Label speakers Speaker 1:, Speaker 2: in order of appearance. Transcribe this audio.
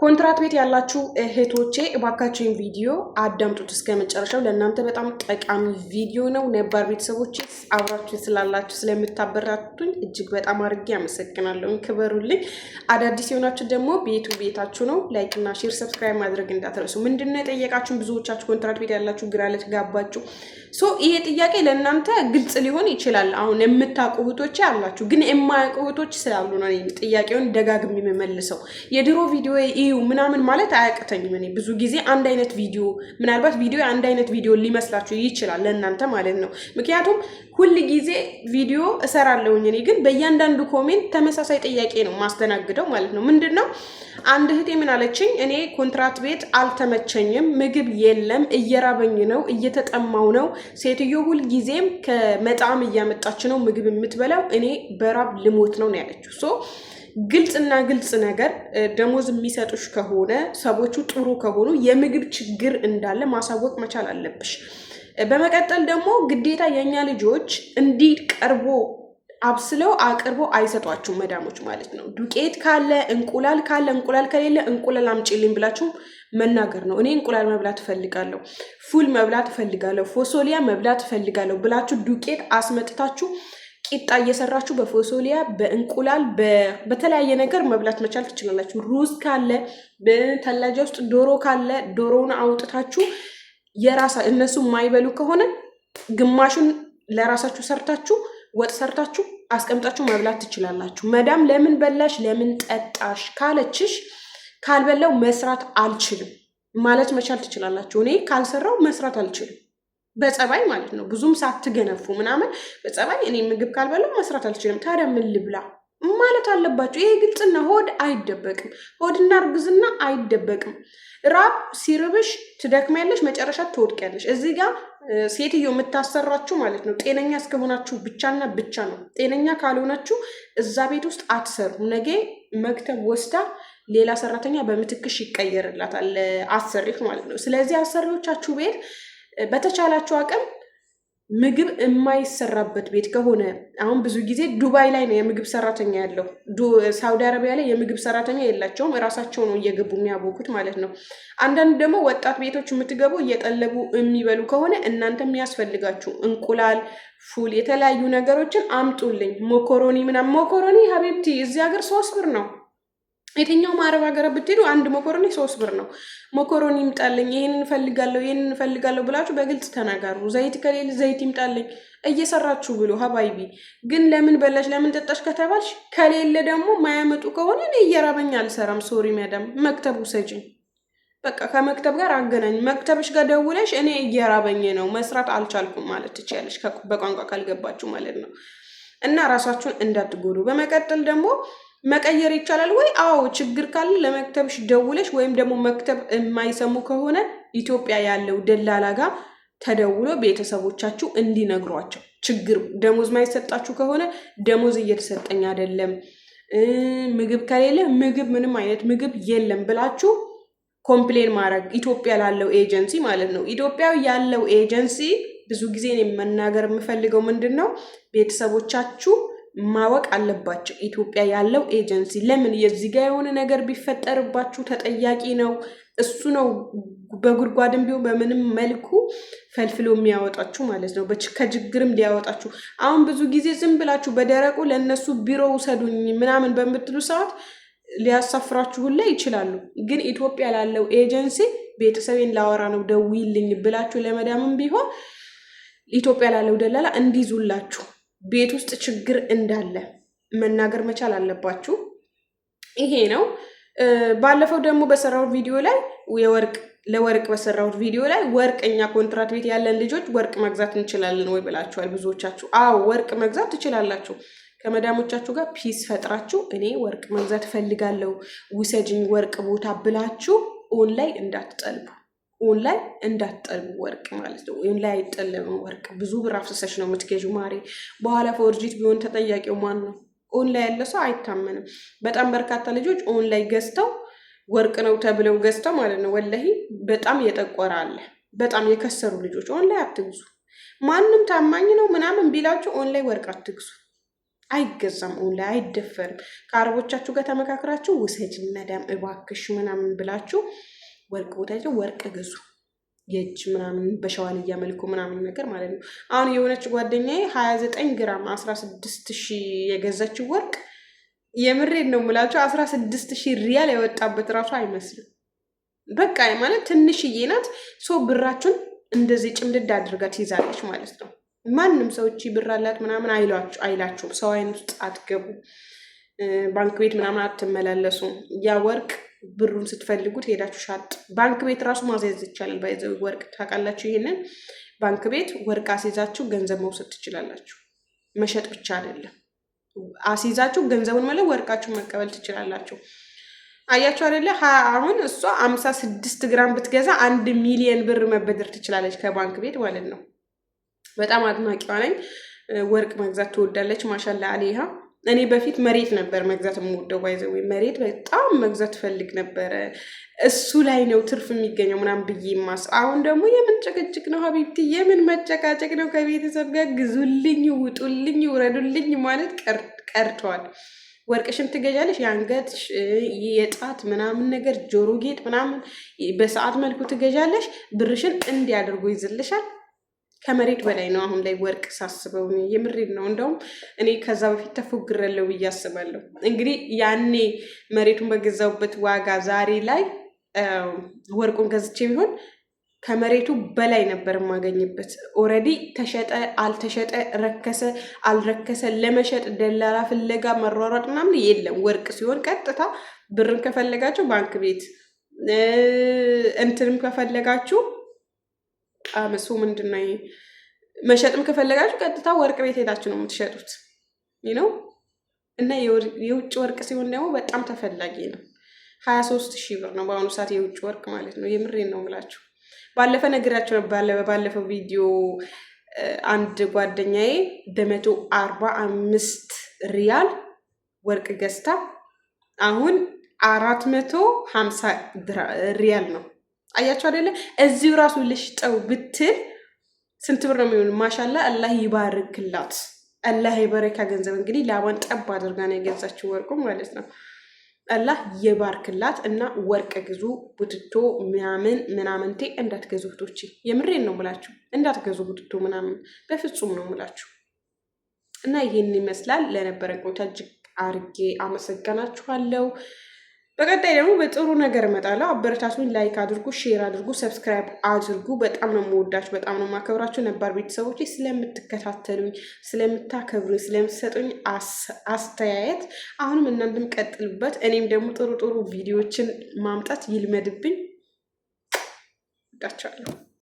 Speaker 1: ኮንትራት ቤት ያላችሁ እህቶቼ እባካችሁን ቪዲዮ አዳምጡት እስከ መጨረሻው። ለእናንተ በጣም ጠቃሚ ቪዲዮ ነው። ነባር ቤተሰቦች አብራችሁ ስላላችሁ ስለምታበራቱኝ እጅግ በጣም አድርጌ አመሰግናለሁ። ክበሩልኝ። አዳዲስ የሆናችሁ ደግሞ ቤቱ ቤታችሁ ነው። ላይክ ላይክና ሼር፣ ሰብስክራይብ ማድረግ እንዳትረሱ። ምንድነው የጠየቃችሁን ብዙዎቻችሁ ኮንትራት ቤት ያላችሁ ግራ ለተጋባችሁ። ሶ ይሄ ጥያቄ ለእናንተ ግልጽ ሊሆን ይችላል። አሁን የምታውቁ እህቶቼ አላችሁ፣ ግን የማያውቁ እህቶች ስላሉ ነው ጥያቄውን ደጋግሜ የምመልሰው የድሮ ቪዲዮ ይሄው ምናምን ማለት አያቅተኝም። እኔ ብዙ ጊዜ አንድ አይነት ቪዲዮ ምናልባት ቪዲዮ አንድ አይነት ቪዲዮ ሊመስላችሁ ይችላል ለእናንተ ማለት ነው። ምክንያቱም ሁል ጊዜ ቪዲዮ እሰራለሁኝ። እኔ ግን በእያንዳንዱ ኮሜንት ተመሳሳይ ጥያቄ ነው ማስተናግደው ማለት ነው። ምንድን ነው አንድ እህቴ ምን አለችኝ፣ እኔ ኮንትራት ቤት አልተመቸኝም፣ ምግብ የለም፣ እየራበኝ ነው፣ እየተጠማው ነው። ሴትዮ ሁል ጊዜም ከመጣም እያመጣች ነው ምግብ የምትበላው፣ እኔ በራብ ልሞት ነው ነው ያለችው ግልጽና ግልጽ ነገር ደሞዝ የሚሰጡሽ ከሆነ ሰዎቹ ጥሩ ከሆኑ የምግብ ችግር እንዳለ ማሳወቅ መቻል አለብሽ። በመቀጠል ደግሞ ግዴታ የእኛ ልጆች እንዲህ ቀርቦ አብስለው አቅርቦ አይሰጧችሁ መዳሞች ማለት ነው። ዱቄት ካለ እንቁላል ካለ እንቁላል ከሌለ እንቁላል አምጪልኝ ብላችሁ መናገር ነው። እኔ እንቁላል መብላት እፈልጋለሁ፣ ፉል መብላት እፈልጋለሁ፣ ፎሶሊያ መብላት እፈልጋለሁ ብላችሁ ዱቄት አስመጥታችሁ ቂጣ እየሰራችሁ በፎሶሊያ በእንቁላል በተለያየ ነገር መብላት መቻል ትችላላችሁ። ሩዝ ካለ በተላጃ ውስጥ ዶሮ ካለ ዶሮውን አውጥታችሁ የራሳ እነሱ የማይበሉ ከሆነ ግማሹን ለራሳችሁ ሰርታችሁ ወጥ ሰርታችሁ አስቀምጣችሁ መብላት ትችላላችሁ። መዳም ለምን በላሽ ለምን ጠጣሽ ካለችሽ ካልበላው መስራት አልችልም ማለት መቻል ትችላላችሁ። እኔ ካልሰራው መስራት አልችልም በፀባይ ማለት ነው። ብዙም ሳትገነፉ ምናምን በፀባይ እኔ ምግብ ካልበላው መስራት አልችልም፣ ታዲያ ምን ልብላ ማለት አለባቸው። ይሄ ግልጽና ሆድ አይደበቅም፣ ሆድና እርግዝና አይደበቅም። ራብ ሲርብሽ ትደክሚያለሽ፣ መጨረሻ ትወድቂያለሽ። እዚህ ጋር ሴትዮ የምታሰራችሁ ማለት ነው ጤነኛ እስከሆናችሁ ብቻና ብቻ ነው። ጤነኛ ካልሆናችሁ እዛ ቤት ውስጥ አትሰሩ። ነገ መክተብ ወስዳ ሌላ ሰራተኛ በምትክሽ ይቀየርላታል አሰሪፍ ማለት ነው። ስለዚህ አሰሪዎቻችሁ ቤት በተቻላችሁ አቅም ምግብ የማይሰራበት ቤት ከሆነ አሁን ብዙ ጊዜ ዱባይ ላይ ነው የምግብ ሰራተኛ ያለው። ሳውዲ አረቢያ ላይ የምግብ ሰራተኛ የላቸውም። እራሳቸው ነው እየገቡ የሚያቦኩት ማለት ነው። አንዳንድ ደግሞ ወጣት ቤቶች የምትገቡ እየጠለቡ የሚበሉ ከሆነ እናንተ የሚያስፈልጋችሁ እንቁላል፣ ፉል፣ የተለያዩ ነገሮችን አምጡልኝ። ሞኮሮኒ ምናምን ሞኮሮኒ ሀቢብቲ እዚህ ሀገር ሶስት ብር ነው የትኛውም አረብ ሀገር ብትሄዱ አንድ መኮረኒ ሶስት ብር ነው። መኮረኒ ይምጣልኝ፣ ይህን እንፈልጋለሁ፣ ይህን እንፈልጋለሁ ብላችሁ በግልጽ ተናገሩ። ዘይት ከሌለ ዘይት ይምጣልኝ እየሰራችሁ ብሎ ሀባይቢ ግን ለምን በላሽ ለምን ጠጣሽ ከተባልሽ ከሌለ ደግሞ ማያመጡ ከሆነ እኔ እየራበኝ አልሰራም። ሶሪ መዳም መክተቡ ሰጪኝ በቃ ከመክተብ ጋር አገናኝ። መክተብሽ ጋር ደውለሽ እኔ እየራበኝ ነው መስራት አልቻልኩም ማለት ትችያለሽ፣ በቋንቋ ካልገባችሁ ማለት ነው። እና ራሳችሁን እንዳትጎዱ። በመቀጠል ደግሞ መቀየር ይቻላል ወይ? አዎ፣ ችግር ካለ ለመክተብሽ ደውለሽ ወይም ደግሞ መክተብ የማይሰሙ ከሆነ ኢትዮጵያ ያለው ደላላ ጋር ተደውሎ ቤተሰቦቻችሁ እንዲነግሯቸው ችግር ደሞዝ ማይሰጣችሁ ከሆነ ደሞዝ እየተሰጠኝ አይደለም፣ ምግብ ከሌለ ምግብ ምንም አይነት ምግብ የለም ብላችሁ ኮምፕሌን ማድረግ ኢትዮጵያ ላለው ኤጀንሲ ማለት ነው። ኢትዮጵያ ያለው ኤጀንሲ ብዙ ጊዜ መናገር የምፈልገው ምንድን ነው ቤተሰቦቻችሁ ማወቅ አለባቸው። ኢትዮጵያ ያለው ኤጀንሲ ለምን የዚህ ጋ የሆነ ነገር ቢፈጠርባችሁ ተጠያቂ ነው እሱ ነው። በጉድጓድም ቢሆን በምንም መልኩ ፈልፍሎ የሚያወጣችሁ ማለት ነው። ከችግርም ሊያወጣችሁ። አሁን ብዙ ጊዜ ዝም ብላችሁ በደረቁ ለእነሱ ቢሮ ውሰዱኝ ምናምን በምትሉ ሰዓት ሊያሳፍራችሁ ሁላ ይችላሉ። ግን ኢትዮጵያ ላለው ኤጀንሲ ቤተሰቤን ላወራ ነው ደውይልኝ ብላችሁ ለመዳምም ቢሆን ኢትዮጵያ ላለው ደላላ እንዲይዙላችሁ ቤት ውስጥ ችግር እንዳለ መናገር መቻል አለባችሁ። ይሄ ነው። ባለፈው ደግሞ በሰራው ቪዲዮ ላይ የወርቅ ለወርቅ በሰራሁት ቪዲዮ ላይ ወርቅኛ ኮንትራት ቤት ያለን ልጆች ወርቅ መግዛት እንችላለን ወይ ብላችኋል ብዙዎቻችሁ። አዎ ወርቅ መግዛት ትችላላችሁ። ከመዳሞቻችሁ ጋር ፒስ ፈጥራችሁ እኔ ወርቅ መግዛት እፈልጋለሁ ውሰጅኝ ወርቅ ቦታ ብላችሁ ኦን ላይ እንዳትጠልቡ። ኦንላይ እንዳትጠልቡ ወርቅ ማለት ነው። ላይ አይጠለብም ወርቅ። ብዙ ብር አፍሰሰሽ ነው የምትገዢው ማሬ። በኋላ ፎርጂት ቢሆን ተጠያቂው ማን ነው? ላይ ያለ ሰው አይታመንም። በጣም በርካታ ልጆች ኦንላይ ገዝተው ወርቅ ነው ተብለው ገዝተው ማለት ነው። ወላሂ በጣም የጠቆረ አለ። በጣም የከሰሩ ልጆች ኦን ላይ አትግዙ። ማንም ታማኝ ነው ምናምን ቢላችሁ ኦንላይ ወርቅ አትግዙ። አይገዛም። ላይ አይደፈርም። ከአረቦቻችሁ ጋር ተመካክራችሁ ውሰጅ መዳም እባክሽ ምናምን ብላችሁ ወርቅ ቦታቸው ወርቅ ግዙ የእጅ ምናምን በሸዋን እያመልኩ ምናምን ነገር ማለት ነው። አሁን የሆነች ጓደኛዬ ሀያ ዘጠኝ ግራም አስራ ስድስት ሺህ የገዛችው ወርቅ የምሬድ ነው የምላቸው አስራ ስድስት ሺህ ሪያል የወጣበት ራሱ አይመስልም። በቃ ማለት ትንሽዬ ናት። ሰው ብራችሁን እንደዚህ ጭምድድ አድርጋ ትይዛለች ማለት ነው። ማንም ሰው እቺ ብር አላት ምናምን አይላችሁም። ሰው አይነት ውስጥ አትገቡ። ባንክ ቤት ምናምን አትመላለሱ። ያ ወርቅ ብሩን ስትፈልጉት ሄዳችሁ ሻጥ ባንክ ቤት ራሱ ማስያዝ ይቻላል። በዚ ወርቅ ታውቃላችሁ። ይሄንን ባንክ ቤት ወርቅ አስይዛችሁ ገንዘብ መውሰድ ትችላላችሁ። መሸጥ ብቻ አይደለም። አስይዛችሁ ገንዘቡን መለ ወርቃችሁን መቀበል ትችላላችሁ። አያችሁ አይደለ? አሁን እሷ አምሳ ስድስት ግራም ብትገዛ አንድ ሚሊየን ብር መበደር ትችላለች ከባንክ ቤት ማለት ነው። በጣም አድናቂዋ ነኝ። ወርቅ መግዛት ትወዳለች። ማሻላ አሊሃ እኔ በፊት መሬት ነበር መግዛት የምወደው። ወይ መሬት በጣም መግዛት ፈልግ ነበረ። እሱ ላይ ነው ትርፍ የሚገኘው ምናምን ብዬ ማስ አሁን ደግሞ የምን ጭቅጭቅ ነው ሀቢብቲ፣ የምን መጨቃጨቅ ነው? ከቤተሰብ ጋር ግዙልኝ፣ ውጡልኝ፣ ውረዱልኝ ማለት ቀርተዋል። ወርቅሽም ትገዣለሽ፣ የአንገት የጣት ምናምን ነገር ጆሮ ጌጥ ምናምን በሰዓት መልኩ ትገዣለሽ። ብርሽን እንዲያደርጉ ይዝልሻል። ከመሬት በላይ ነው። አሁን ላይ ወርቅ ሳስበው የምሬድ ነው። እንደውም እኔ ከዛ በፊት ተፎግረለው ብዬ አስባለሁ። እንግዲህ ያኔ መሬቱን በገዛውበት ዋጋ ዛሬ ላይ ወርቁን ገዝቼ ቢሆን ከመሬቱ በላይ ነበር የማገኝበት። ኦልሬዲ ተሸጠ አልተሸጠ፣ ረከሰ አልረከሰ፣ ለመሸጥ ደላላ ፍለጋ መሯሯጥ ምናምን የለም። ወርቅ ሲሆን ቀጥታ ብርን ከፈለጋችሁ ባንክ ቤት እንትንም ከፈለጋችሁ ጣምሱ ምንድን ነው መሸጥም ከፈለጋችሁ ቀጥታ ወርቅ ቤት ሄዳችሁ ነው የምትሸጡት ነው እና የውጭ ወርቅ ሲሆን ደግሞ በጣም ተፈላጊ ነው። ሀያ ሶስት ሺህ ብር ነው በአሁኑ ሰዓት የውጭ ወርቅ ማለት ነው። የምሬን ነው ምላችሁ። ባለፈ ነግራችሁ ባለ ባለፈው ቪዲዮ አንድ ጓደኛዬ በመቶ አርባ አምስት ሪያል ወርቅ ገዝታ አሁን አራት መቶ ሀምሳ ሪያል ነው አያቸው አደለ? እዚሁ ራሱ ልሽጠው ብትል ስንት ብር ነው የሚሆን? ማሻላ አላህ ይባርክላት። አላህ የበረካ ገንዘብ እንግዲህ ላባን ጠብ አድርጋ ነው የገዛችው ወርቁ ማለት ነው። አላህ የባርክላት እና ወርቅ ግዙ፣ ቡትቶ ምናምን ምናምንቴ እንዳትገዙ እህቶቼ፣ የምሬን ነው ምላችሁ፣ እንዳትገዙ ቡትቶ ምናምን በፍጹም ነው ምላችሁ። እና ይህን ይመስላል። ለነበረን ቆይታ እጅግ አርጌ አመሰግናችኋለሁ። በቀጣይ ደግሞ በጥሩ ነገር እመጣለሁ። አበረታቱኝ። ላይክ አድርጉ፣ ሼር አድርጉ፣ ሰብስክራይብ አድርጉ። በጣም ነው የምወዳችሁ፣ በጣም ነው የማከብራችሁ። ነባር ቤተሰቦች ስለምትከታተሉኝ፣ ስለምታከብሩኝ፣ ስለምትሰጡኝ አስተያየት አሁንም እናንተም ቀጥሉበት። እኔም ደግሞ ጥሩ ጥሩ ቪዲዮዎችን ማምጣት ይልመድብኝ። ወዳችኋለሁ።